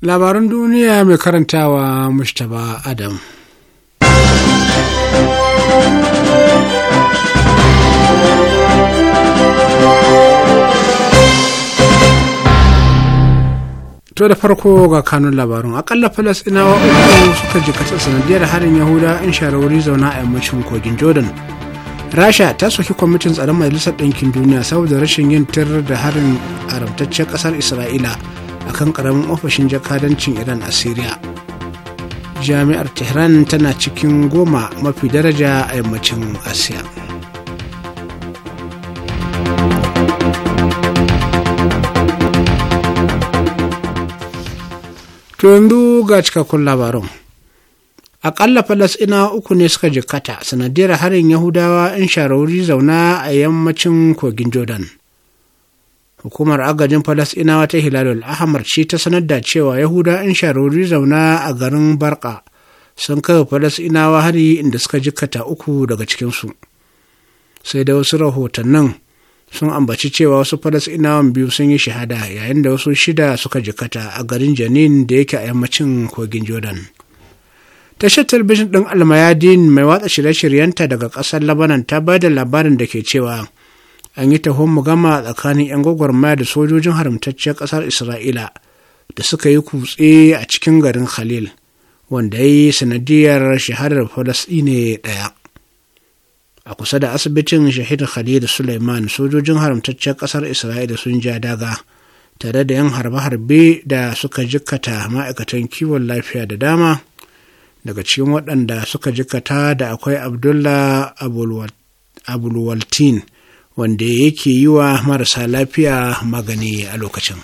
Labarun duniya mai karantawa mustapha adam to da farko ga kanun labarun akalla falasinawa uku suka ji jikata sanadiyar harin yahuda in shawarwari zauna a yammacin kogin jordan rasha ta soki kwamitin tsaron majalisar ɗinkin duniya saboda rashin yin tir da harin haramtaccen ƙasar isra'ila akan karamin ofishin jakadancin iran a syria jami'ar tehran tana cikin goma mafi daraja a yammacin asiya to yanzu ga cikakkun labarun aƙalla falasina uku ne suka jikata sanadiyar harin yahudawa in sharauri zauna a yammacin kogin jordan hukumar agajin Falasɗinawa ta hilalul ahmar ce ta sanar da cewa yahuda in sharori zauna a garin barka sun kai falasɗinawa hari inda suka jikata uku daga cikinsu sai da wasu rahotannin sun ambaci cewa wasu falasɗinawan biyu sun yi shahada yayin da wasu shida suka jikata a garin janin da yake a yammacin kogin jordan tashar talabijin ɗin almayadin mai watsa shirye-shiryenta daga ƙasar labanan ta bai da labarin da ke cewa an yi tahon mu mugama tsakanin 'yan gwagwarmaya da sojojin haramtacciyar ƙasar isra'ila da suka yi kutse a cikin garin khalil wanda ya yi sanadiyar shahadar falasɗine ɗaya a kusa da asibitin shahid khalil suleiman sojojin haramtacciyar ƙasar isra'ila sun ja daga tare da 'yan harbe-harbe da suka jikkata ma'aikatan kiwon lafiya da dama daga cikin waɗanda suka jikata da akwai abdullah abulwaltin wanda yake yi wa marasa lafiya magani a lokacin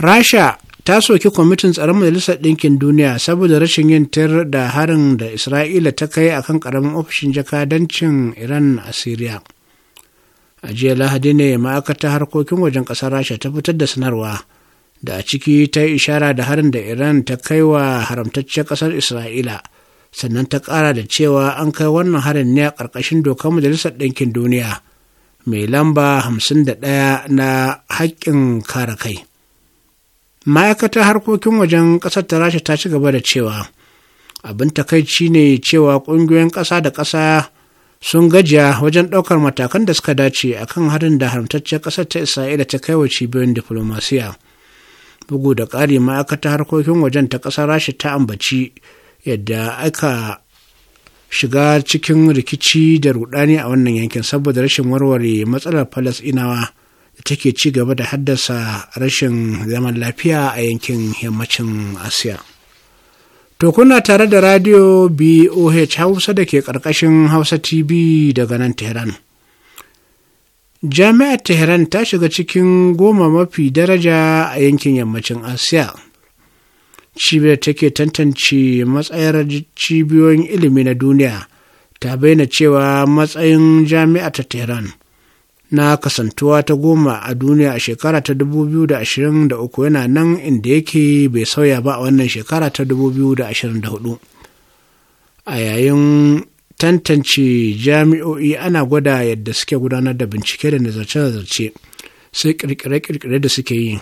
rasha ta soki kwamitin tsaron majalisar ɗinkin duniya saboda rashin yin tir da harin da isra'ila ta kai akan ƙaramin ofishin jakadancin iran a syria a jiya lahadi ne ma'aikatar harkokin wajen ƙasar rasha ta fitar da sanarwa da a ciki ta yi ishara da harin da iran ta kai wa haramtacciyar ƙasar isra'ila sannan ta ƙara da cewa an kai wannan harin ne a ƙarƙashin dokar majalisar ɗinkin duniya mai lamba 51 na haƙƙin kare kai ma'aikatar harkokin wajen ƙasar ta rasha ta ci gaba da cewa abin takaici ne cewa ƙungiyoyin ƙasa da ƙasa sun gajiya wajen ɗaukar matakan da suka dace a kan harin da haramtacciyar ƙasar ta isra'ila ta kai wa cibiyoyin diflomasiya bugu da ƙari ma'aikatar harkokin wajen ta ƙasar rasha ta ambaci yadda aka shiga cikin rikici da rudani a wannan yankin saboda rashin warware matsalar falasinawa da take ci gaba da haddasa rashin zaman lafiya a yankin yammacin asiya to kuna tare da radio boh hausa da ke karkashin hausa tv daga nan tehran jami'ar tehran ta shiga cikin goma mafi daraja a yankin yammacin asiya cibiyar take tantance matsayar cibiyoyin ilimi na duniya ta bayyana cewa matsayin jami'a ta tehran na kasantuwa ta goma a duniya a shekara ta 2023 yana nan inda yake bai sauya ba a wannan shekara ta 2024 a yayin tantance jami'o'i ana gwada yadda suke gudanar da bincike da nazarce-nazarce sai kirkire-kirkire da suke yi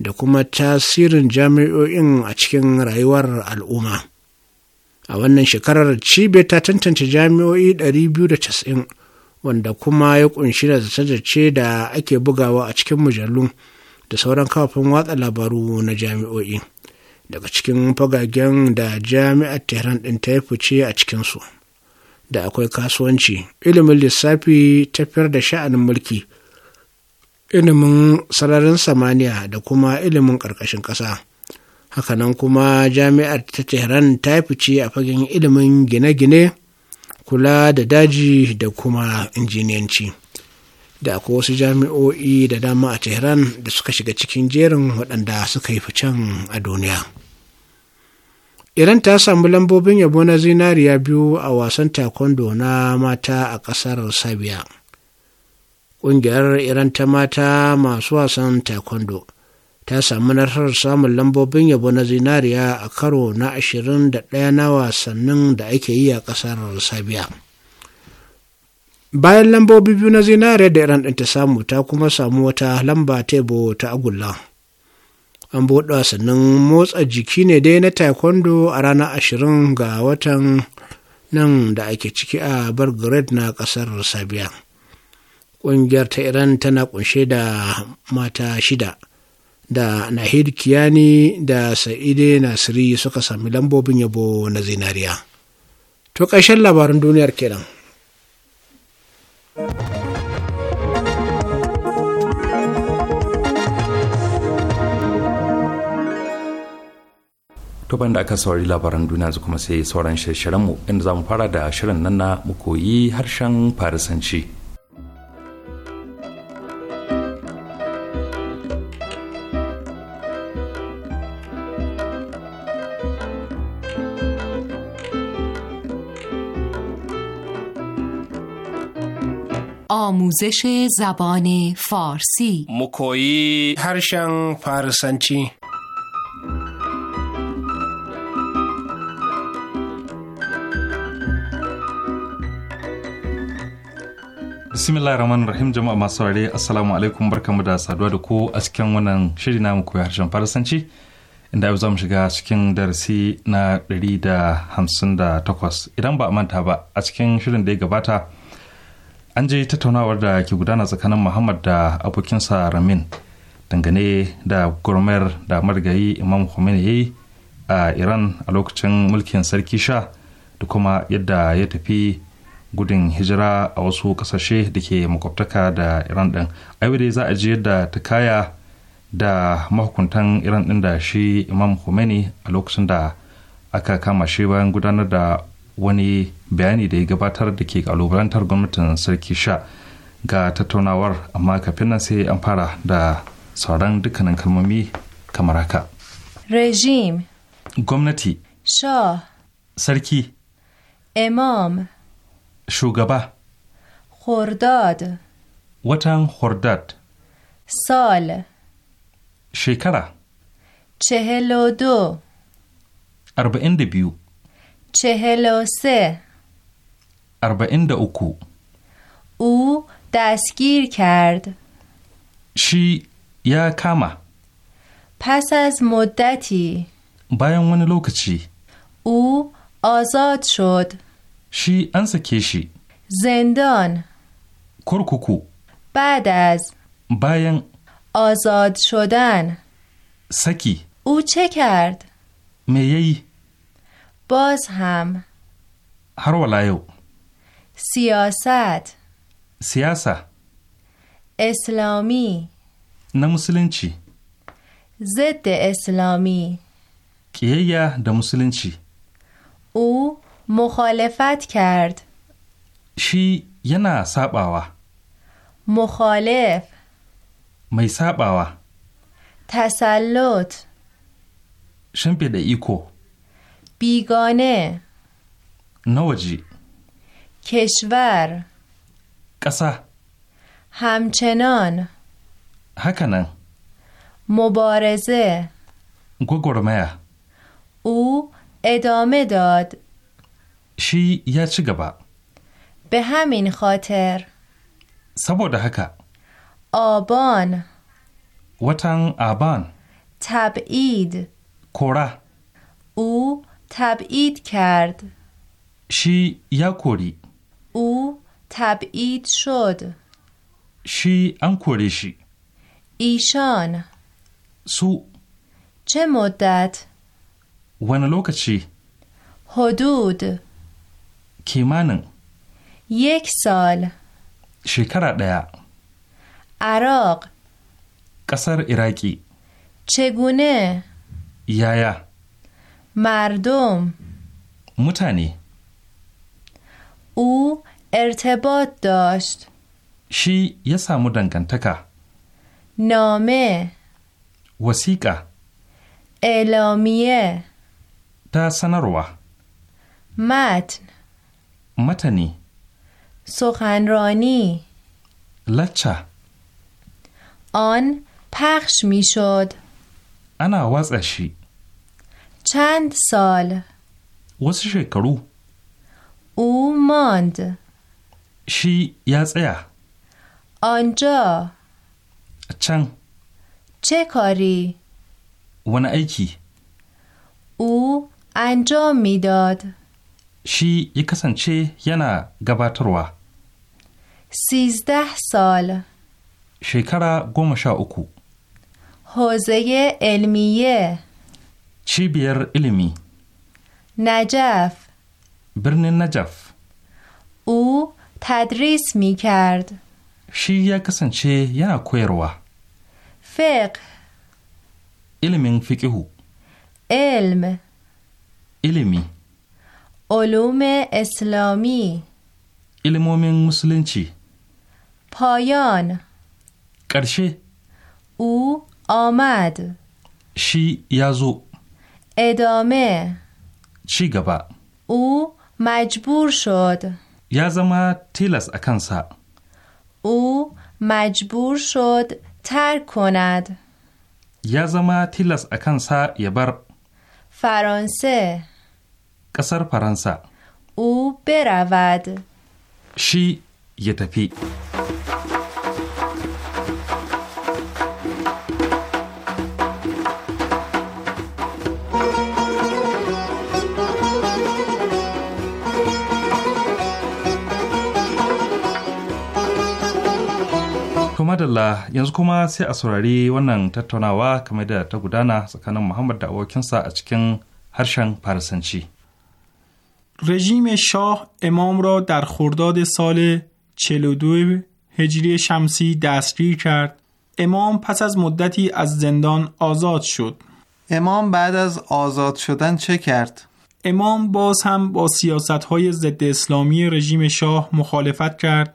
da kuma tasirin jami'o'in a cikin rayuwar al'umma. A wannan shekarar cibe ta tantance jami'o'i 290 wanda kuma ya kunshi da zace da ake bugawa a cikin mujallu da sauran kafin watsa labaru na jami'o'i daga cikin fagagen da jami'ar tehran ɗin ta fice a cikinsu da akwai kasuwanci ilimin lissafi tafiyar da sha'anin mulki ilimin sararin samaniya da kuma ilimin ƙarƙashin ƙasa hakanan kuma jami'ar ta tehran ta yi fice a fagen ilimin gine-gine kula da daji da kuma injiniyanci da akwai wasu jami'o'i da dama a tehran da suka shiga cikin jerin waɗanda suka yi ficen a duniya iran ta samu lambobin yabo na zinariya biyu a wasan taekwondo na mata a ƙasar Sabiya. ƙungiyar iran ta mata masu wasan taekwondo ta samu nasarar samun lambobin yabo na zinariya a karo na 21 na wasannin da ake yi a ƙasar sabiya bayan lambobi biyu na zinariya da iran ta samu ta kuma samu wata lamba tebo ta agulla an buɗe wasannin motsa jiki ne dai na taekwondo a ranar 20 ga watan nan da ake ciki a belgrade na ƙasar sabiya ƙungiyar ta iran tana kunshe da mata shida da nahid kiyani da sa'ide nasiri suka sami lambobin yabo na zinariya to ƙarshen labarin duniyar kenan. to da aka saurari labaran duniya su kuma sai sauran shirye-shiryenmu inda za mu fara da shirin nan na mu koyi harshen farisanci آموزش زبان فارسی مکویی هرشن فارسنچی bismillah rahim jama'a masu ware assalamu alaikum barkamu da saduwa da ku a cikin wannan shiri mu koyi harshen farasanci inda yau za mu shiga cikin darasi na da 158 idan ba a manta ba a cikin shirin da ya gabata an je tattaunawar da ke gudana tsakanin muhammad da abokinsa ramin dangane da gurmayar da margayi imam khomeini ya yi a iran a lokacin mulkin sarki sha da kuma yadda ya tafi gudun hijira a wasu kasashe da ke makwabtaka da iran din dai za a ji yadda ta kaya da mahukuntan iran din da shi imam khomeini a lokacin da aka kama shi bayan gudanar da wani bayani da ya gabatar da ke kalubalantar gwamnatin sarki sha ga tattaunawar amma kafin nan sai an fara da sauran dukkanin kalmomi kamar haka. Regime Gwamnati Sha. Sarki Imam Shugaba Hordad Watan Hordad Sal Shekara Chehelodo. Arba'in da biyu چهل سه او دستگیر کرد شی یا کما پس از مدتی باید ونی لوکچی او آزاد شد شی انس کشی زندان کرکوکو بعد از باین آزاد شدن سکی او چه کرد میهی باز هم هر ولایو سیاست سیاسه اسلامی نه چی؟ ضد اسلامی کیه ده چی؟ او مخالفت کرد شی نه ساباوا مخالف می ساباوا تسلط شن ایکو بیگانه نوجی کشور قصه همچنان هکنن مبارزه گوگرمه او ادامه داد شی یا چی به همین خاطر سبوده هکا آبان وطن آبان تبعید کره او تبعید کرد شی یا کوری او تبعید شد شی انکوریشی ایشان سو چه مدت ون لوکچی حدود کیمان یک سال شکر دیا. عراق قصر ایراکی. چگونه یا. مردم متنی او ارتباط داشت شی یه سامو تکه نامه وسیقه اعلامیه تا سنروه متن متنی سخنرانی لچه آن پخش میشد انا وزشی چند سال واسه شکرو او ماند شی یا تسیا آنجا چن چه کاری ونه ایکی او انجام میداد شی یا کسانچه ینا گباتروا سیزده سال شکر گم شا اکو حوزه علمیه بیر علمی؟ نجف برن نجف او تدریس می کرد شی یا چه یا کویروا فقه علم فقه علم علمی علوم اسلامی علم مسلم چی؟ پایان قرشه او آمد شی یازو ادامه چی گبا او مجبور شد یازما تیلس اکنسا او مجبور شد ترک کند یازما تیلس اکنسا یبر فرانسه قصر فرانسه او برود شی یتفی madalla yanzu kuma sai a saurari wannan tattaunawa kamar da ta gudana tsakanin Muhammad da abokinsa a cikin harshen Farisanci. رژیم شاه امام را در خرداد سال 42 هجری شمسی دستگیر کرد امام پس از مدتی از زندان آزاد شد امام بعد از آزاد شدن چه کرد؟ امام باز هم با سیاست های ضد اسلامی رژیم شاه مخالفت کرد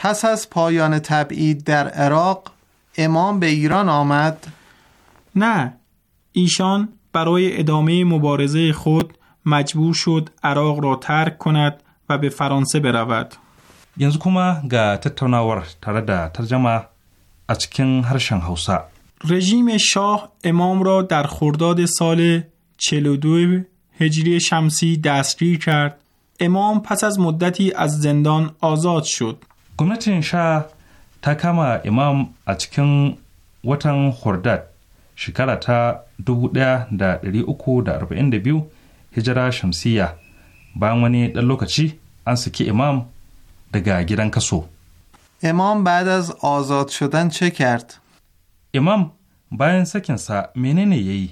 پس از پایان تبعید در عراق امام به ایران آمد؟ نه ایشان برای ادامه مبارزه خود مجبور شد عراق را ترک کند و به فرانسه برود. رژیم شاه امام را در خرداد سال 42 هجری شمسی دستگیر کرد. امام پس از مدتی از زندان آزاد شد. gwamnatin sha ta kama imam a cikin watan hordad shekara ta 1342 hijira shamsiya bayan wani ɗan lokaci an saki imam daga gidan kaso imam bada azad shudan ce imam bayan sakinsa menene ya yi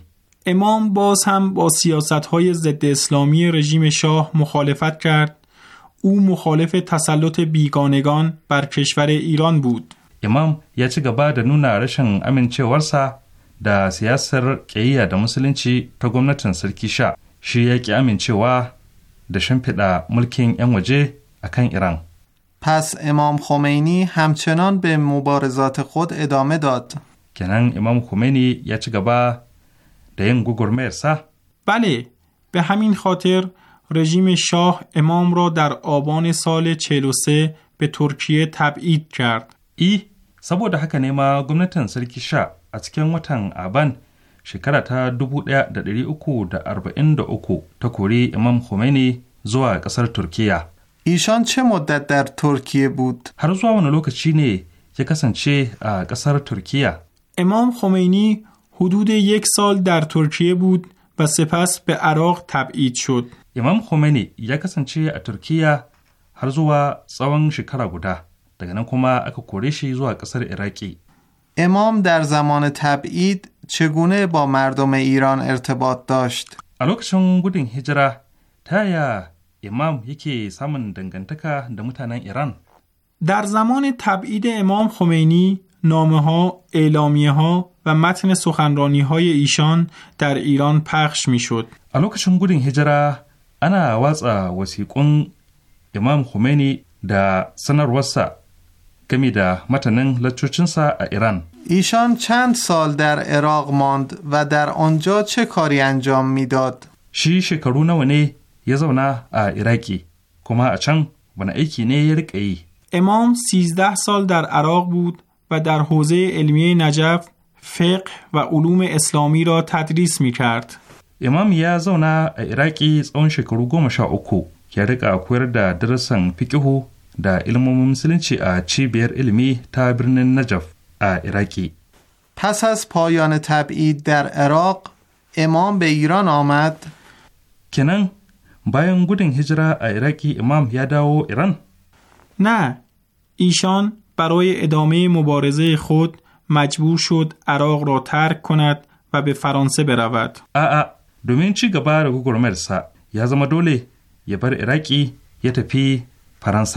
امام باز هم با سیاست های ضد اسلامی رژیم شاه مخالفت کرد او مخالف تسلط بیگانگان بر کشور ایران بود. امام یا چی گبا دا نونا رشن امن چه ورسا دا سیاسر قیه دا مسلین چی تا گمنتن سرکی شا. شی یکی امن چه وا دا شمپی ملکین این وجه اکن ایران. پس امام خمینی همچنان به مبارزات خود ادامه داد. کنان امام خمینی یا چی گبا دا این گو گرمه بله به همین خاطر، رژیم شاه امام را در آبان سال 43 به ترکیه تبعید کرد. ای saboda haka ne ma gwamnatin sarki sha a cikin watan aban shekara ta 1343 ta kori imam Khomeini zuwa kasar turkiya ایشان ce مدت در ترکیه بود؟ Har zuwa wani lokaci ne ya kasance a kasar turkiya imam خمینی حدود یک سال dar ترکیه Bud. و سپس به عراق تبعید شد امام خمینی یا از ترکیه هر زوا سوان شکر گودا دگنه کما اکا کوریشی زوا قصر عراقی امام در زمان تبعید چگونه با مردم ایران ارتباط داشت؟ الوکشون گودین هجره تایا امام یکی سامن دنگنتکا ایران در زمان تبعید امام خمینی نامه ها، اعلامیه ها و متن سخنرانی های ایشان در ایران پخش می شد. a گودین هجره انا ana وسیقون امام خمینی دا سنر وسا کمی متنن متنن لچوچنسا ایران. ایشان چند سال در عراق ماند و در آنجا چه کاری انجام میداد؟ شی شکرو نو نه یا زونا ا عراقی کما اچن ونه ایکی نه ی امام 13 سال در عراق بود و در حوزه علمی نجف فقه و علوم اسلامی را تدریس می کرد. امام یا زونا اون شکر shekaru goma sha uku ya rika koyar da darasin fikihu da چی musulunci چی cibiyar ilimi ta birnin نجف پس از پایان تبعید در عراق امام به ایران آمد کنن بایان گودن هجرا عراقی امام یاداو داو ایران نه ایشان برای ادامه مبارزه خود مجبور شد عراق را ترک کند و به فرانسه برود. ا دومین چی گبار گوگرمرسا یا زما دوله یه بر عراقی یه تپی فرانسه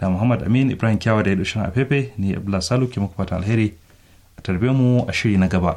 da muhammad amin ibrahim kyawa da ya dushin a fefe ni abdullahi salu ke muku fatan alheri a tarbe mu a shiri na gaba.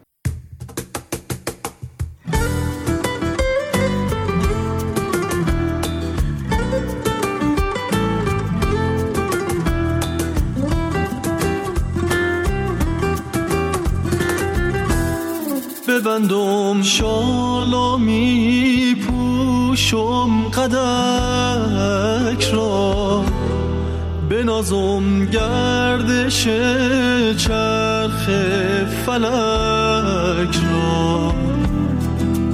گندم شالمی می پوشم قدک را به نازم گردش چرخ فلک را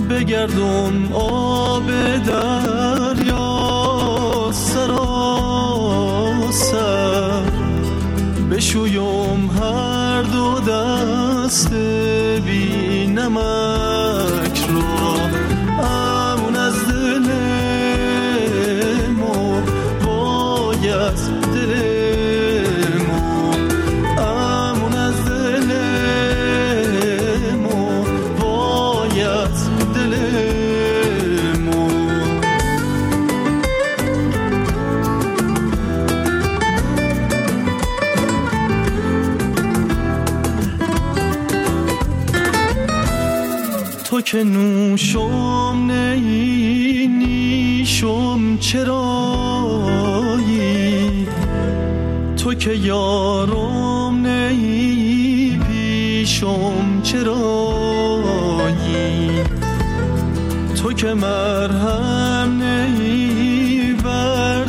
بگردم آب دریا سراسر بشویم هر دو دسته my که نوشم نی نیشم چرایی تو که یارم نی پیشم چرایی تو که مرهم نی بر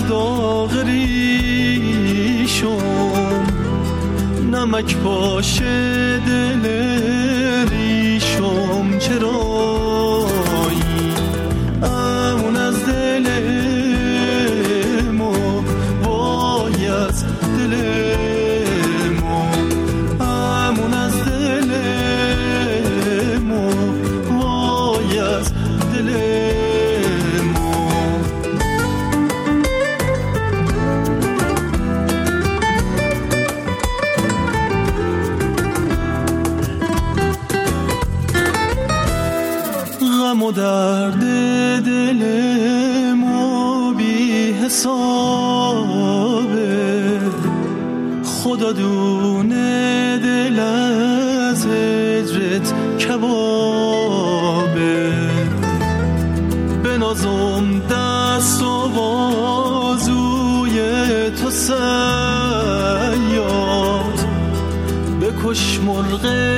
نمک باشه today.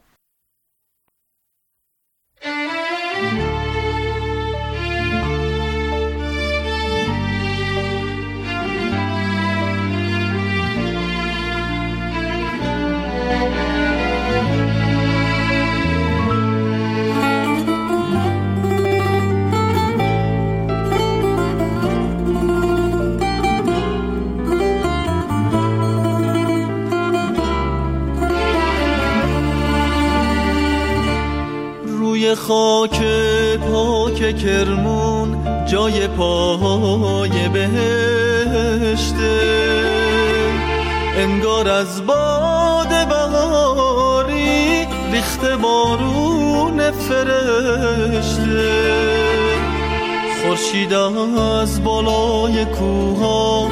روی خاک پاک کرمون جای پاهای بهشته انگار از باد بهاری ریخته بارون فرشته خورشید از بالای کوها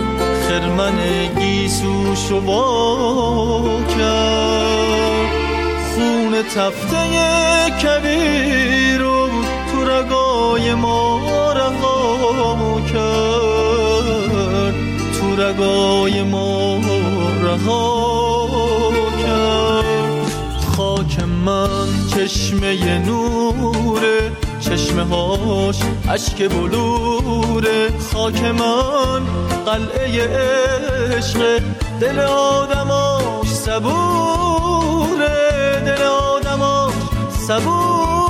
خرمن گیسو و کرد خون تفته کبیر و تو رگای ما رهامو کرد تو رگای ما رها کرد خاک من چشمه نوره چشمه هاش عشق بلوره خاک من قلعه عشق دل آدماش صبوره de los sabor.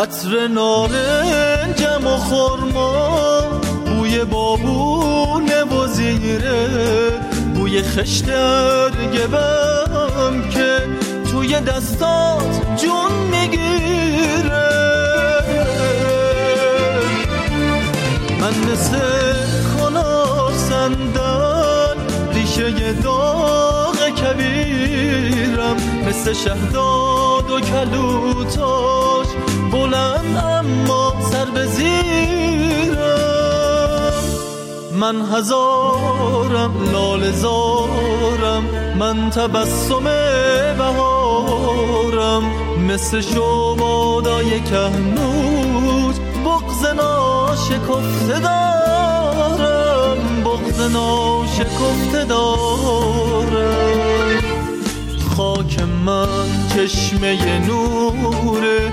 عطر نارنجم و خورما بوی بابون و زیره بوی خشتر گبم که توی دستات جون میگیره من مثل کنار سندن ریشه داغ کبیرم مثل شهداد و کلوتا بلند اما سر به زیرم من هزارم لال زارم من تبسم بهارم مثل شبادای کهنوج بغز ناشکفت دارم بغز ناشکفت دارم خاک من چشمه نوره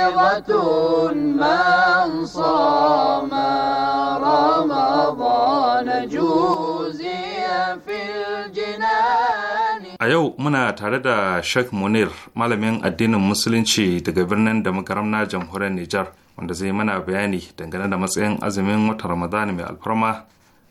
فَرِيضَةٌ مَنْ صَامَ A yau muna tare da Sheikh Munir, malamin addinin Musulunci daga birnin da na jamhuriyar Nijar, wanda zai mana bayani dangane da matsayin azumin wata Ramadan mai alfarma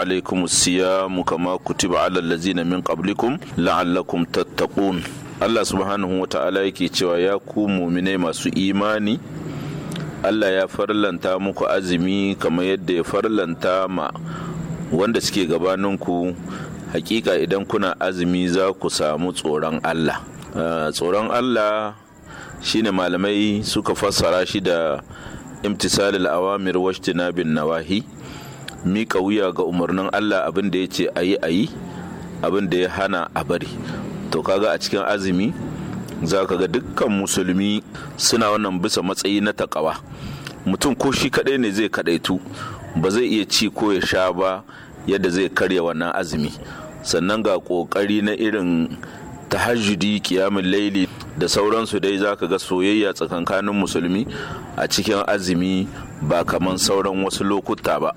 alaikum siyamu kama kutiba alal ladzina min qablikum la'allakum tattaqun Allah subhanahu wa ta'ala yake cewa ya ku muminai masu imani Allah ya farlanta muku azumi kamar yadda ya farlanta ma wanda suke gabaninku hakika idan kuna azumi za ku samu tsoron Allah ah, tsoron Allah shine malamai suka fassara shi da imtisalil awamir washtina bin nawahi mika wuya ga umarnin Allah abin da ya ce a yi a yi abin da ya hana a bari to kaga a cikin azumi za ka ga dukkan musulmi suna wannan bisa matsayi na takawa mutum ko shi kadai ne zai kadaitu ba zai iya ci ko ya sha ba yadda zai karya wannan azumi sannan ga kokari na irin tahajjudi kiyamin laili da sauransu dai za ka ga soyayya tsakankanin musulmi a cikin azumi ba kaman sauran wasu lokuta ba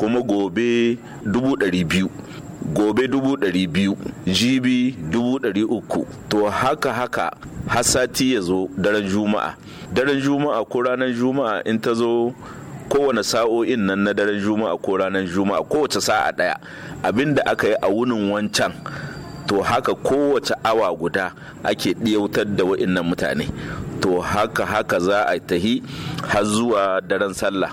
kuma gobe dubu gobe dubu ɗari jibi dubu to haka haka hasati ya zo daren juma'a daren juma'a ko ranar juma'a in ta zo kowane sa'o'in nan na daren juma'a ko ranar juma'a kowace sa'a ɗaya abinda aka yi a wunin wancan to haka kowace awa guda ake ɗiyautar da wa'in mutane to haka haka za a tahi har zuwa daren sallah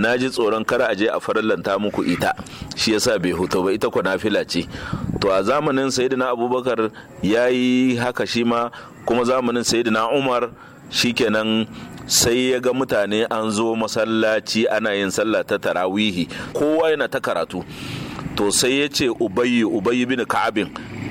na ji tsoron kar a je a farallanta muku ita shi yasa bai huta ba ita nafila ce to a zamanin sayyidina abubakar ya yi haka shi ma kuma zamanin sayyidina umar shikenan sai ya ga mutane an zo masallaci ana yin sallah ta tarawihi kowa yana ta karatu to sai ya ce ubayi ubayi bin ka'abin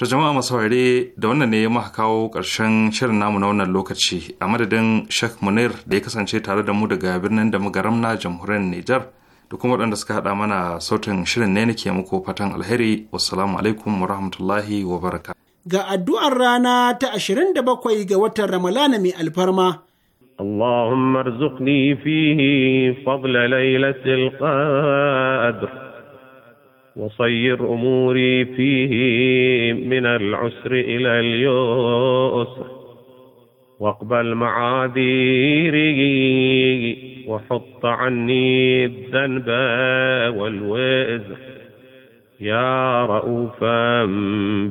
To jama'a masu haure da wannan ne muka kawo ƙarshen shirin namu na wannan lokaci a madadin Sheikh Munir da ya kasance tare da mu daga birnin da magaram na jamhuriyar Nijar da kuma waɗanda suka haɗa mana sautin shirin ne nake muku fatan alheri wassalamu alaikum wa rahmatullahi wa baraka. Ga addu'ar rana ta ashirin da bakwai ga watan Ramalana mai alfarma. اللهم fi fi فضل ليلة القدر وصير أموري فيه من العسر إلى اليسر واقبل معاذيري وحط عني الذنب والوزر يا رؤوفا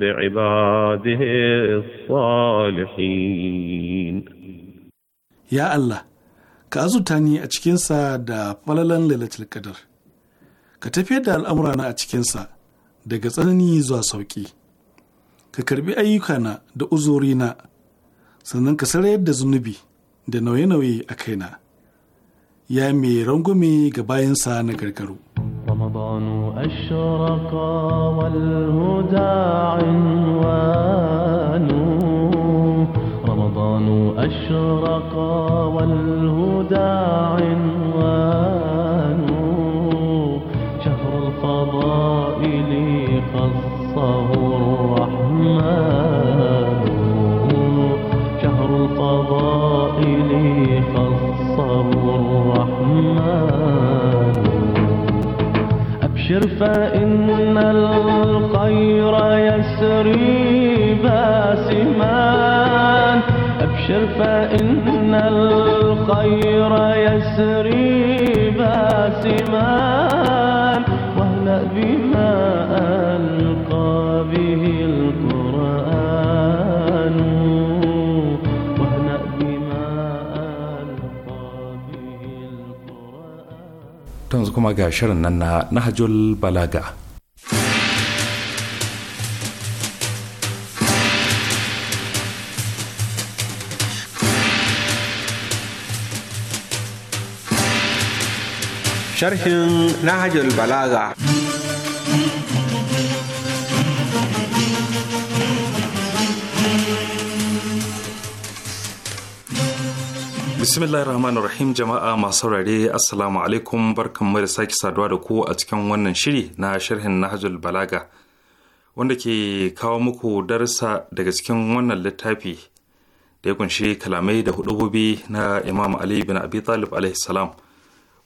بعباده الصالحين يا الله كأزو تاني ni a cikinsa ليلة القدر ka tafiyar da al'amurana a cikinsa daga tsanani zuwa sauƙi ka karbi ayyukana da uzurina sannan ka sarayar da zunubi da nauye-nauye a kaina ya mai rangume ga bayansa na gargaro رمضان أشرق رمضان أشرق والهدى عنوان بشر إن الخير يسري باسمان أبشر فإن الخير يسري باسمان واهلأ بما ألقى به ta yanzu kuma ga shirin nan na nahajul balaga sharhin nahajul balaga Bismillahirrahmanirrahim jama'a masu saurare assalamu alaikum barkanmu da sake saduwa da ku a cikin wannan shiri na sharhin Nahjul Balaga wanda ke kawo muku darsa daga cikin wannan littafi da ya kunshi kalamai da hudububi na Imam Ali bin Abi Talib alaihi salam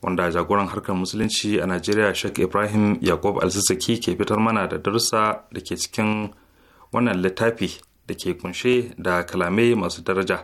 wanda jagoran harkar musulunci a Najeriya Sheikh Ibrahim Yakub Alsisaki ke fitar mana da darsa da ke cikin wannan littafi da ke kunshe da kalamai masu daraja.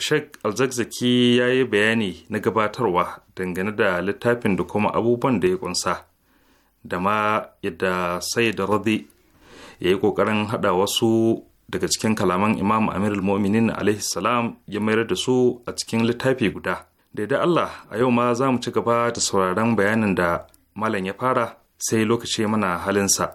Sheikh Alzakzaki ya yi bayani na gabatarwa dangane da littafin da kuma abubuwan da ya kunsa, da ma yadda sai da radi ya yi ƙoƙarin haɗa wasu daga cikin kalaman Imam Amir al-Mu'minin salam ya mayar da su a cikin littafi guda. Daida Allah a yau ma za mu ci gaba da sauraron bayanin da Malam ya fara sai lokaci mana halinsa.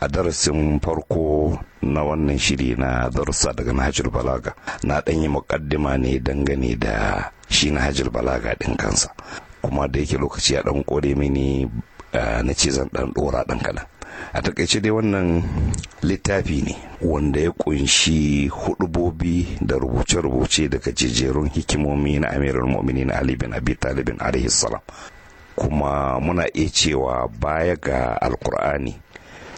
a darasin farko na wannan shiri na darussa daga Nahajul Balaga na ɗan yi muƙaddima ne dangane da shi Nahajul Balaga ɗin kansa kuma da yake lokaci a ɗan kore mini na ce zan ɗan ɗora ɗan kaɗan a takaice dai wannan littafi ne wanda ya kunshi hudubobi da rubuce-rubuce daga jijerun hikimomi na Mu'mini na ali bin abi talibin alaihi salam kuma muna iya cewa baya ga alkur'ani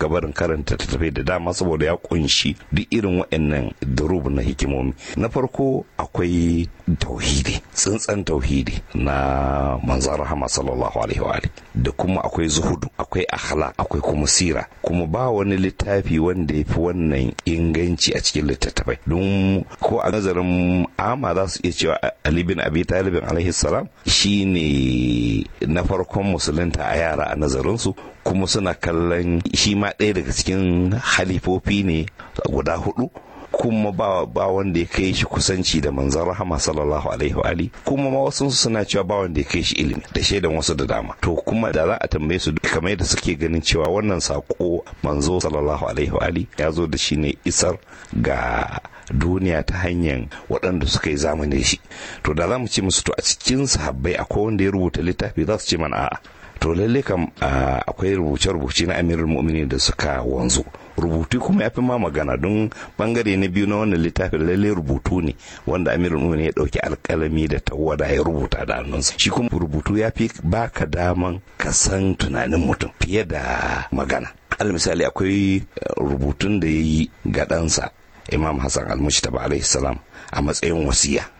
gabarin karanta tafi da dama saboda ya kunshi duk irin waɗannan durub na hikimomi na farko akwai tauhidi tsuntsan tauhidi na manzan rahama sallallahu alaihi wa da kuma akwai zuhudu akwai akhala akwai kuma sira kuma ba wani littafi wanda ya fi wannan inganci a cikin littattafai don ko a nazarin ama za su iya cewa ali bin abi talibin alaihi salam shine na farkon musulunta a yara a nazarin su. kuma suna kallon shi ma ɗaya daga cikin halifofi ne guda hudu kuma ba wanda ya kai shi kusanci da manzon rahama sallallahu alaihi wa kuma ma wasu suna cewa ba wanda ya kai shi ilimi da shaidan wasu da dama to kuma da za a tambaye su kamar da suke ganin cewa wannan sako manzo sallallahu alaihi wa ali ya zo da shi ne isar ga duniya ta hanyar waɗanda suka yi zamani da shi to da za mu ce musu to a cikin sahabbai akwai wanda ya rubuta littafi za su ce mana a'a to lalle kam akwai rubuce-rubuce na amirul mu'minin da suka wanzu rubutu kuma ya fi ma magana don bangare na biyu na wannan littafin lalle rubutu ne wanda amir ne ya dauki alkalami da tawada ya rubuta da hannunsa shi kuma rubutu ya fi baka daman ka san tunanin mutum fiye da magana al misali akwai eh, rubutun da ya yi ga ɗansa imam hassan almushtaba alaihi salam a matsayin wasiya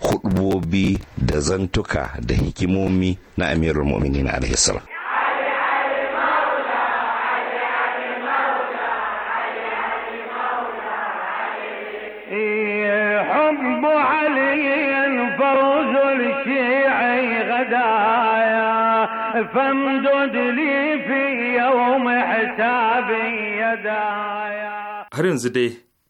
hudubobi da zantuka da hikimomi na amirul mu'minin alaihissalam حب علي har yanzu dai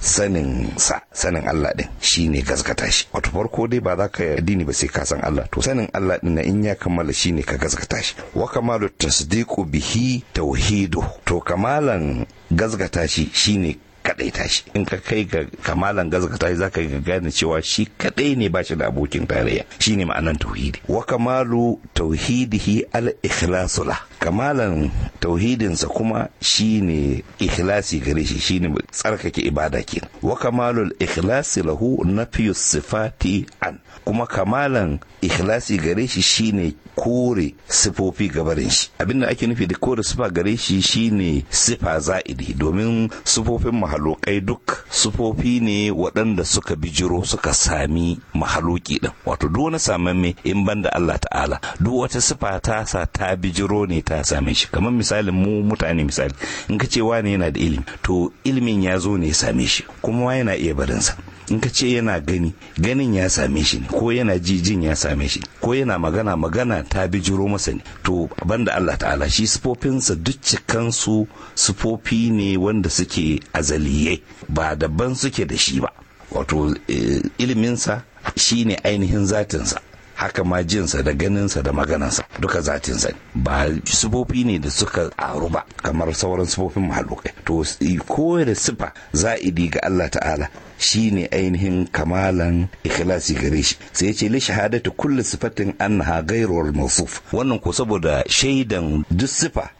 sanin sa sanin Allah din shine gaskata shi wato farko dai ba za ka yi addini ba sai ka san Allah to sanin Allah din na in ya kammala ne ka gaskata shi wa kamalu tasdiqu bihi tauhidu to kamalan gaskata shi shine kadai tashi in ka kai ga kamalan gazaka ka tashi zaka ga gane cewa shi kadai ne ba shi da abokin tarayya shine ma'anan tauhidi wa kamalu tauhidihi al ikhlasula kamalan tauhidinsa kuma shi ne ikhlasi gare shi shine tsarkake ibada ke wa kamalul ikhlasi lahu nafiyus sifati an kuma kamalan ikhlasi gare shi shi ne. kore sifofi gabarin shi abinda ake nufi da kore sifa gare shi shine sifa za'idi domin sifofin mahalokai duk sifofi ne waɗanda suka bijiro suka sami mahaloki din wato duk wani samamme in ban da Allah ta'ala duk wata sifa ta sa ta bijiro ne ta same shi kamar misalin mu mutane misali in ka ce wani yana da ilimi to ilimin ya zo ne same shi kuma wa yana iya barinsa in ka ce yana gani ganin ya same shi ne ko yana jijin ya same shi ko yana magana magana ta bijiro masa ne to banda Allah ta'ala shi sufofinsa duk cikansu sufofi ne wanda suke azaliye ba daban suke da shi ba wato eh, iliminsa shi ne ainihin zatinsa haka ma jinsa da ganinsa da maganansa duka zatin ne ba sufofi ne da suka aru ba kamar sauran sufofin mahalukai to kowane sifa za'idi ga Allah ta'ala shi ne ainihin kamalan ikhlasi gare shi sai ya ce li shahadatu kulli sifatin annaha ghayrul mawsuf wannan ko saboda shaidan duk sifa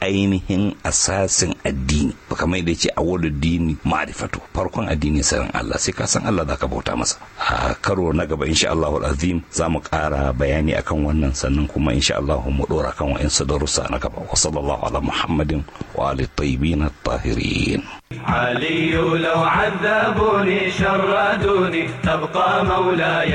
ainihin asasin addini ba kamar da ce a wadda dini ma'arifato farkon addini sanin Allah sai ka san Allah zaka bauta masa a karo na gaba insha Allah azim za mu kara bayani akan wannan sannan kuma insha Allah mu dora kan wa'insu darussa na gaba wa sallallahu ala muhammadin wa ali tayyibin tahirin علي لو عذبوني شردوني تبقى مولاي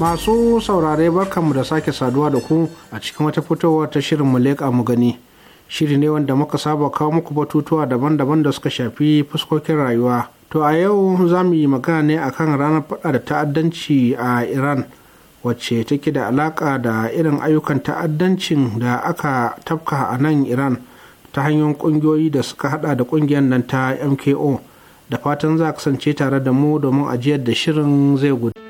Masu saurare barkanmu da sake saduwa da ku a cikin wata fitowa ta shirin mu leƙa mu gani. Shiri ne wanda muka saba kawo muku batutuwa daban-daban da suka shafi fuskokin rayuwa. To a yau za mu yi magana ne akan ranar faɗa da ta'addanci a Iran wacce take da alaƙa da irin ayyukan ta'addancin da aka tafka a nan Iran ta hanyoyin ƙungiyoyi da suka hada da ƙungiyar nan ta MKO. Da fatan za kasance tare da mu domin ajiyar da shirin zai gudu.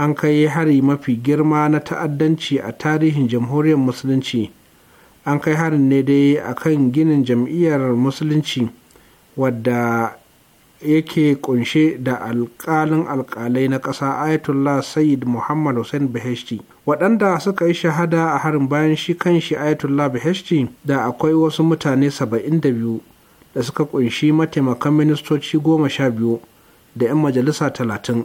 an kai hari mafi girma na ta'addanci a tarihin jamhuriyar musulunci an kai harin ne dai a kan ginin jam'iyyar musulunci wadda yake kunshe da alkalin alkalai na ƙasa ayatollah sayyid muhammad hussein baheshti waɗanda suka yi shahada a harin bayan shi kan shi ayatollah baheshti da akwai wasu mutane 72 da suka kunshi mataimakan ministoci goma sha biyu da 'yan majalisa talatin.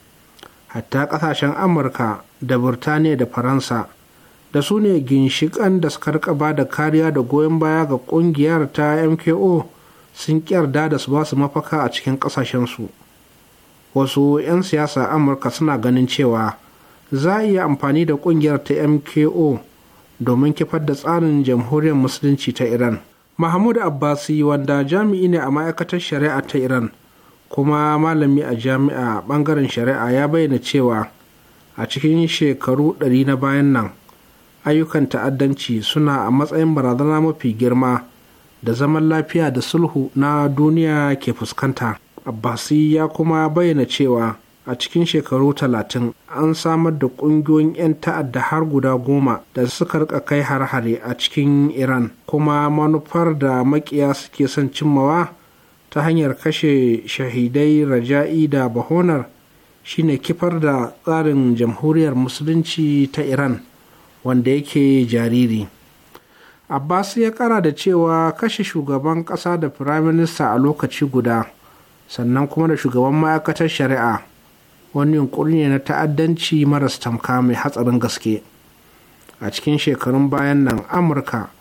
hatta kasashen amurka da burtaniya da faransa da su ne ginshikan da suka rika ba da kariya da goyon baya ga kungiyar ta mko sun kyarda da su ba su mafaka a cikin kasashensu wasu 'yan siyasa amurka suna ganin cewa za a iya amfani da kungiyar ta mko domin kifar da tsarin jamhuriyar musulunci ta iran mahmud abbasi wanda jami'i ne a ma'aikatar shari'a ta iran kuma malami a jami'a bangaren shari'a ya bayyana cewa a cikin shekaru ɗari na bayan nan ayyukan ta'addanci suna a matsayin barazana mafi girma da zaman lafiya da sulhu na duniya ke fuskanta abbasi ya kuma bayyana cewa a cikin shekaru talatin an samar da ƙungiyoyin 'yan ta'adda har guda goma da suka rika kai har-hare a cikin iran kuma manufar da makiya suke son cimmawa ta hanyar kashe shahidai raja'i da bahonar shine kifar da tsarin jamhuriyar musulunci ta iran wanda yake jariri abbas ya kara da cewa kashe shugaban kasa da firaminista a lokaci guda sannan kuma da shugaban ma'aikatar shari'a wani yunkuri ne na ta'addanci maras tamka mai hatsarin gaske a cikin shekarun bayan nan amurka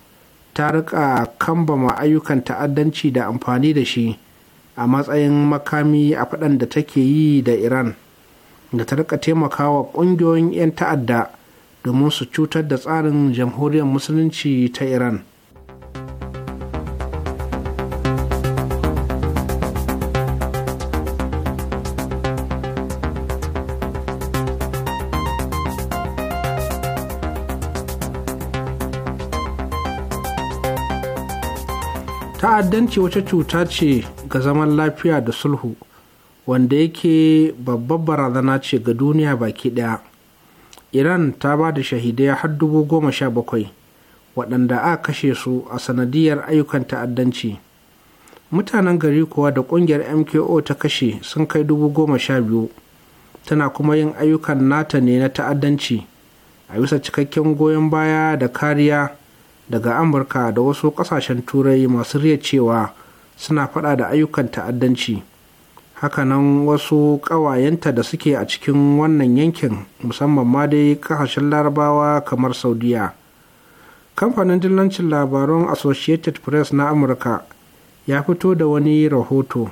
ta rika kambama ayyukan ta'addanci da amfani da shi a matsayin makami a faɗan da take yi da iran da ta rika taimakawa ƙungiyoyin 'yan ta'adda domin su cutar da tsarin jamhuriyar musulunci ta iran ta'addanci wata cuta ce ga zaman lafiya da sulhu wanda yake babbar barazana ce ga duniya baki daya iran ta ba da shahidai har dubu goma sha bakwai waɗanda a kashe su a sanadiyar ayyukan ta'addanci mutanen gari kuwa da ƙungiyar mko ta kashe sun kai dubu goma sha biyu tana kuma yin ayyukan nata ne na ta'addanci a bisa cikakken goyon baya da kariya daga amurka da wasu kasashen turai masu riya cewa suna fada da ayyukan ta'addanci hakanan wasu ƙawayenta da suke a cikin wannan yankin musamman ma dai kasashen larabawa kamar saudiya kamfanin dillancin labarun associated press na amurka ya fito da wani rahoto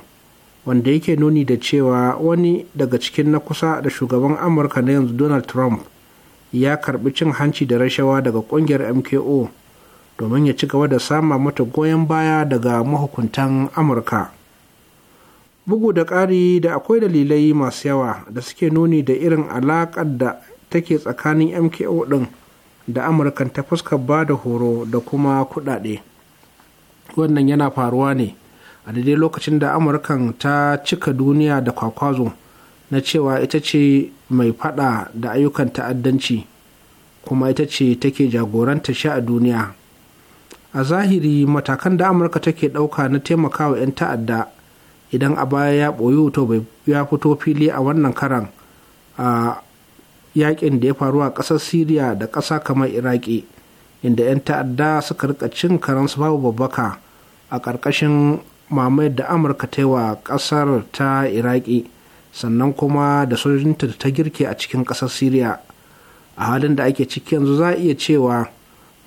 wanda yake nuni da cewa wani daga cikin na kusa da shugaban amurka na yanzu donald trump ya karbi cin hanci da rashawa daga kungiyar mko domin ya ci gaba da sama mata goyon baya daga mahukuntan amurka bugu da ƙari da akwai dalilai masu yawa da suke nuni da irin alaƙar da take tsakanin mko ɗin da amurkan ta fuskar ba da horo da kuma kuɗaɗe wannan yana faruwa ne a daidai lokacin da amurkan ta cika duniya da kwakwazo na cewa ita ce mai faɗa da ayyukan ta'addanci kuma ita ce take jagoranta shi a duniya a zahiri matakan da amurka take ɗauka na taimakawa 'yan ta'adda idan a baya ya ɓoyi to bai ya fito fili a wannan karan a yakin da ya faru a ƙasar syria da ƙasa kamar iraki inda 'yan ta'adda suka rika cin karan su babu babbaka a ƙarƙashin mamayar da amurka ta yi wa ƙasar ta iraki sannan kuma da sojojinta ta girke a cikin ƙasar syria a halin da ake ciki yanzu za a iya cewa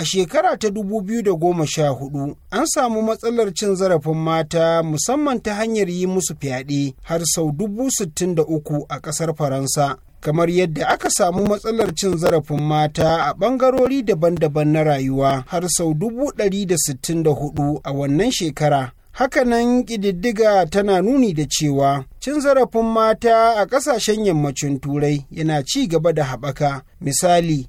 A shekara ta 2014 an samu matsalar cin zarafin mata musamman ta hanyar yi musu fyaɗe har sau dubu sittin da uku a ƙasar Faransa. kamar yadda aka samu matsalar cin zarafin mata a ɓangarori daban-daban na rayuwa har sau dubu ɗari da da sittin hudu a wannan shekara. Hakanan ƙididdiga tana nuni da cewa cin zarafin mata a ƙasashen yammacin turai yana ci gaba da haɓaka. Misali,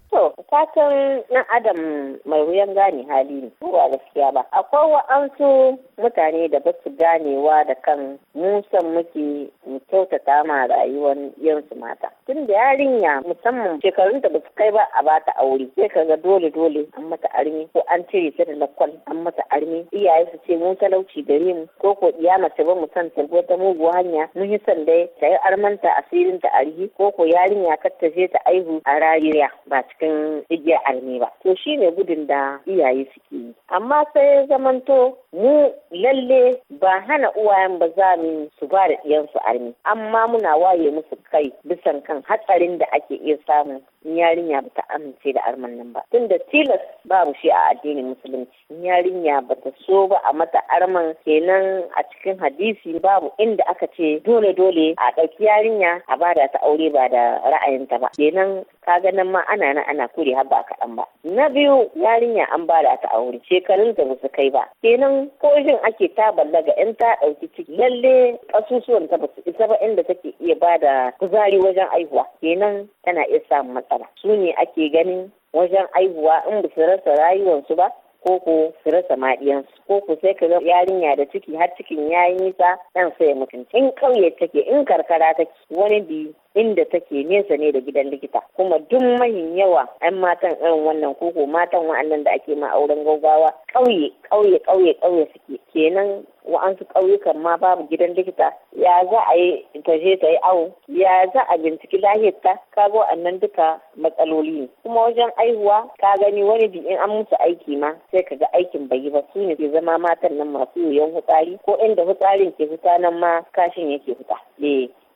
fatan na adam mai wuyan gane hali ne ba gaskiya ba akwai wa'ansu mutane da ba su ganewa da kan musan muke mu kyautata ma rayuwar yansu mata tun da yarinya musamman shekarun da basu kai ba a bata aure sai ka ga dole dole an mata armi ko an cire ta da lakwal an mata armi iyaye su ce mun talauci gare mu ko ko iya mace ba mu san ta ta muguwa hanya mun yi sanda ta yi armanta asirin ta a ko ko yarinya kar ta je ta aihu a rariya ba cikin tsigiyar igiya alme ba to shine gudun da iyaye suke yi amma sai ya zamanto mu lalle ba hana uwayen ba za mu su ba da ɗiyansu alme amma muna waye musu kai bisan kan hatsarin da ake iya samu yarinya ba ta amince da arman nan ba tunda tilas babu shi a addinin musulunci yarinya ba ta so ba a mata arman kenan a cikin hadisi babu inda aka ce dole dole a ɗauki yarinya a bada ta aure ba da ra'ayinta ba kenan ka ganin ma ana ana kure bai a kaɗan ba na biyu yarinya an ba da ta aure shekarun da ba kai ba kenan ko ake ta ga in ta ɗauki ciki lalle ƙasusuwan ta basu isa ba inda take iya ba da kuzari wajen aihuwa kenan tana iya samun matsala su ne ake ganin wajen aihuwa in ba su rasa rayuwarsu ba ko su rasa maɗiyansu ko ku sai ka ga yarinya da ciki har cikin yayi nisa ɗan sai mutum in ƙauye take in karkara take wani bi inda take nesa ne da gidan likita kuma duk mahin yawa an matan irin wannan koko matan wa'annan da ake ma auren gaugawa ƙauye ƙauye ƙauye ƙauye suke kenan wa'ansu ƙauyukan ma babu gidan likita ya za a yi ta je ta yi awo ya za a binciki lahiyarta ka ga wa'annan duka matsaloli ne kuma wajen aihuwa ka gani wani bi in an musu aiki ma sai ka ga aikin bai yi ba su ne zama matan nan masu yoyon hutsari ko inda hutsarin ke fita nan ma kashin yake fita E!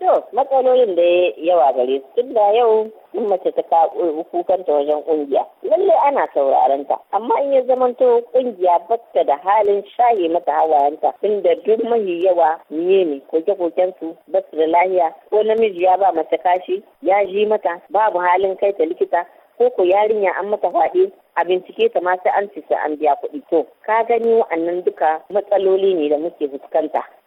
To matsalolin da yawa gare su tun da yau in mace ta ka kukanta wajen kungiya lalle ana sauraron ta amma in ya zamanto kungiya bata da halin shaye mata hawayenta tunda duk mahi yawa niye ne koke koken su basu da lahiya ko namiji ya ba mace kashi ya ji mata babu halin kai ta likita ko ko yarinya an mata faɗi a bincike ta ma sai an ci an biya kuɗi to ka gani wa'annan duka matsaloli ne da muke fuskanta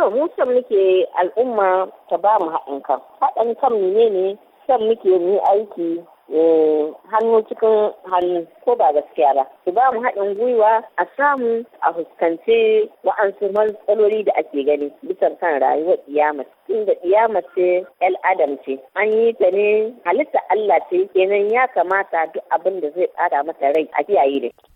so mu san muke al'umma ta ba mu haɗin kan. Haɗin kan ne ne san muke mu aiki eh, hannu cikin hannu ko ba gaskiya ba. Su ba mu haɗin gwiwa a samu a fuskanci wa'ansu matsaloli da ake gani bisa kan rayuwar kiyama. Inda kiyama ce el Adam ce, an yi ta ne halitta Allah ce kenan ya kamata duk abin da zai ƙara mata rai a kiyaye da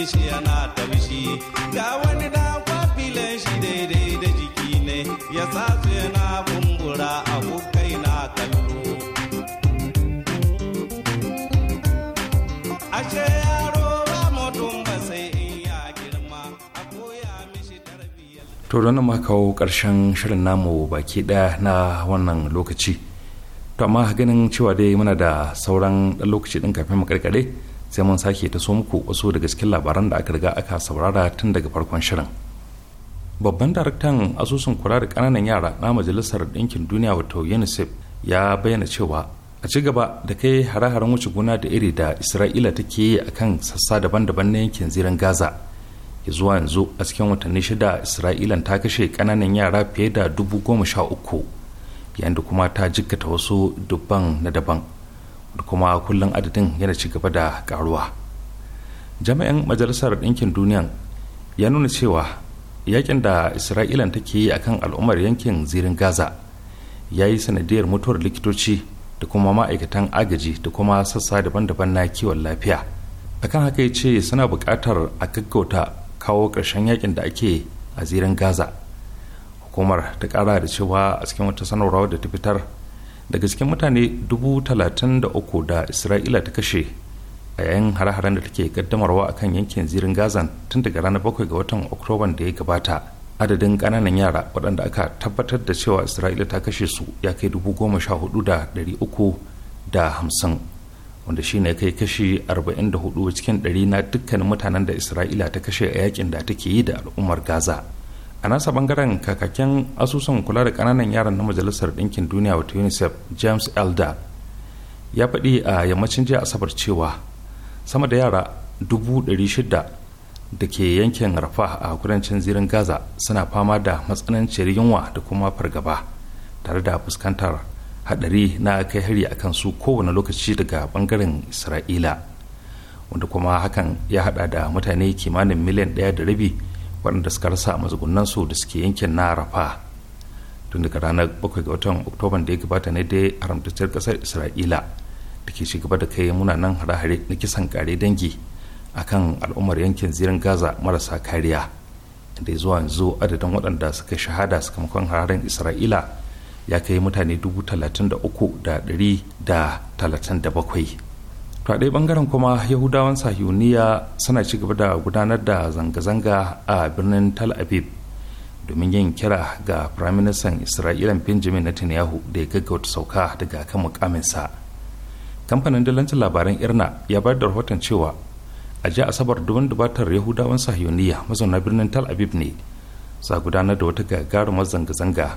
jikin shi yana taushi ga wani da kwafilan shi daidai da jiki ne ya sa su yana kumbura a kai na kallo ashe yaro ba mutum ba sai in ya girma a koya mishi tarbiyyar to don ma kawo karshen shirin namu baki daya na wannan lokaci to amma ganin cewa dai muna da sauran lokaci din kafin mu karkare sai mun sake ta so muku wasu daga cikin labaran da aka riga aka saurara tun daga farkon shirin babban daraktan asusun kula da kananan yara na majalisar ɗinkin duniya wato unicef ya bayyana cewa a ci gaba da kai hare-haren wuce gona da iri da isra'ila take yi a kan sassa daban-daban na yankin zirin gaza ya zuwa yanzu a cikin watanni shida isra'ila ta kashe kananan yara fiye da dubu goma sha uku yayin da kuma ta jikkata wasu dubban na daban kuma kullum adadin yana ci gaba da karuwa jami'an majalisar ɗinkin duniya ya nuna cewa yakin da isra'ilan take yi akan al'ummar yankin zirin gaza ya yi sanadiyar mutuwar likitoci da kuma ma'aikatan agaji da kuma sassa daban-daban na kiwon lafiya akan haka ya ce suna buƙatar a gaggauta kawo ƙarshen yakin da ake a zirin gaza hukumar ta ƙara da cewa a cikin wata sanarwa da ta fitar daga cikin mutane dubu talatin da uku da isra'ila ta kashe a yayin hare-haren da take kaddamarwa a kan yankin zirin gazan tun daga ranar bakwai ga watan oktoban da ya gabata adadin kananan yara waɗanda aka tabbatar da cewa isra'ila ta kashe su ya kai dubu goma sha hudu da ɗari da hamsin wanda shi ne kai kashi arba'in da hudu cikin ɗari na dukkanin mutanen da isra'ila ta kashe a yakin da take yi da al'ummar gaza a nasa bangaren kakakken asusun kula da kananan yaran na majalisar ɗinkin duniya wata unicef james elder ya faɗi a yammacin jiya asabar cewa sama da yara dubu shida da ke yankin rafa a kudancin zirin gaza suna fama da matsananciyar yunwa da kuma fargaba tare da fuskantar hadari na kai hari a kansu kowane lokaci daga bangaren isra'ila wanda kuma hakan ya hada da mutane kimanin miliyan ɗaya da rabi waɗanda suka rasa matsugunan su da suke yankin na rafa tun daga ranar 7 ga watan oktoban da ya gabata ne dai haramtacciyar ƙasar isra'ila da ke shigaba da kai munanan hare-hare na kisan kare dangi a kan al'ummar yankin zirin gaza marasa kariya da zuwa yanzu adadin waɗanda suka shahada sakamakon hararen isra'ila ya kai mutane dubu to a ɗaya bangaren kuma yahudawan sahiyuniya suna ci gaba da gudanar da zanga-zanga a birnin tal aviv domin yin kira ga firaministan isra'ila benjamin netanyahu da ya gaggauta sauka daga kan mukaminsa kamfanin dalancin labaran irna ya bayar da rahoton cewa a ji asabar domin dubatar yahudawan sahiyuniya mazauna birnin tal aviv ne za gudanar da wata gagarumar zanga-zanga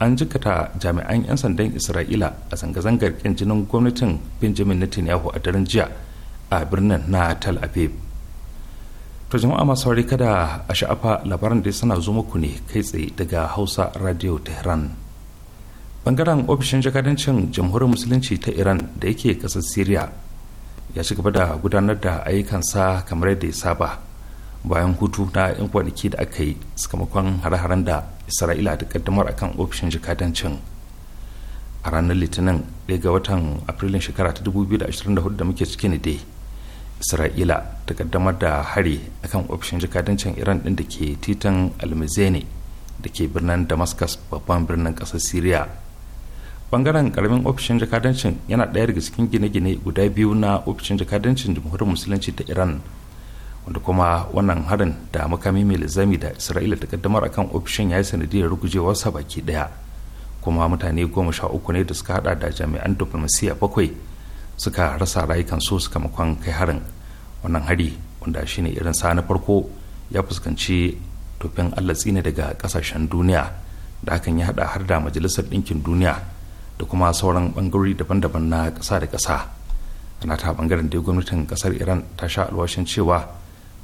an jikata jami'an 'yan sandan isra'ila a zanga-zangar yan jinin gwamnatin benjamin netanyahu a daren jiya a birnin na tel aviv to jama'a masu kada a sha'afa labaran da suna zo muku ne kai tsaye daga hausa radio tehran bangaren ofishin jakadancin jamhuriyar musulunci ta iran da yake kasar syria ya ci gaba da gudanar da ayyukansa kamar yadda ya saba bayan hutu na 'yan kwanaki da aka yi sakamakon hare-haren da isra'ila ta kaddamar akan ofishin jikadancin a ranar litinin ɗaya ga watan afrilun shekara ta 2024 da muke ciki ne dai isra'ila ta kaddamar da hari akan ofishin jikadancin iran ɗin da ke titan almazene da ke birnin damascus babban birnin ƙasar syria bangaren karamin ofishin jakadancin yana ɗaya daga cikin gine-gine guda biyu na ofishin jakadancin jamhuriyar musulunci ta iran wanda kuma wannan harin da makami mai lizami da isra'ila ta kaddamar akan ofishin ya yi sanadiyar rugujewarsa baki daya kuma mutane goma sha uku ne da suka hada da jami'an diplomasiya bakwai suka rasa rayukansu kamakon kai harin wannan hari wanda shine irin sa na farko ya fuskanci tofin allah tsine daga kasashen duniya da hakan ya hada har da majalisar ɗinkin duniya da kuma sauran bangarori daban-daban na ƙasa da ƙasa ana ta bangaren dai gwamnatin ƙasar iran ta sha alwashin cewa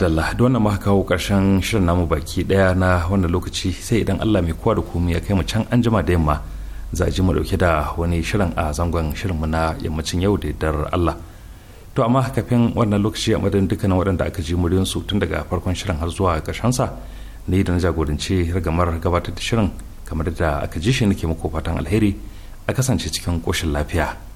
madalla da wannan muka kawo karshen shirin namu baki daya na wannan lokaci sai idan Allah mai kowa da komi ya kai mu can anjima da yamma za a ji mu dauke da wani shirin a zangon shirinmu na yammacin yau da dar Allah to amma kafin wannan lokaci a madadin dukkanin waɗanda aka ji muryin su tun daga farkon shirin har zuwa ƙarshen sa ne da na jagoranci ragamar gabatar da shirin kamar da aka ji shi nake muku fatan alheri a kasance cikin koshin lafiya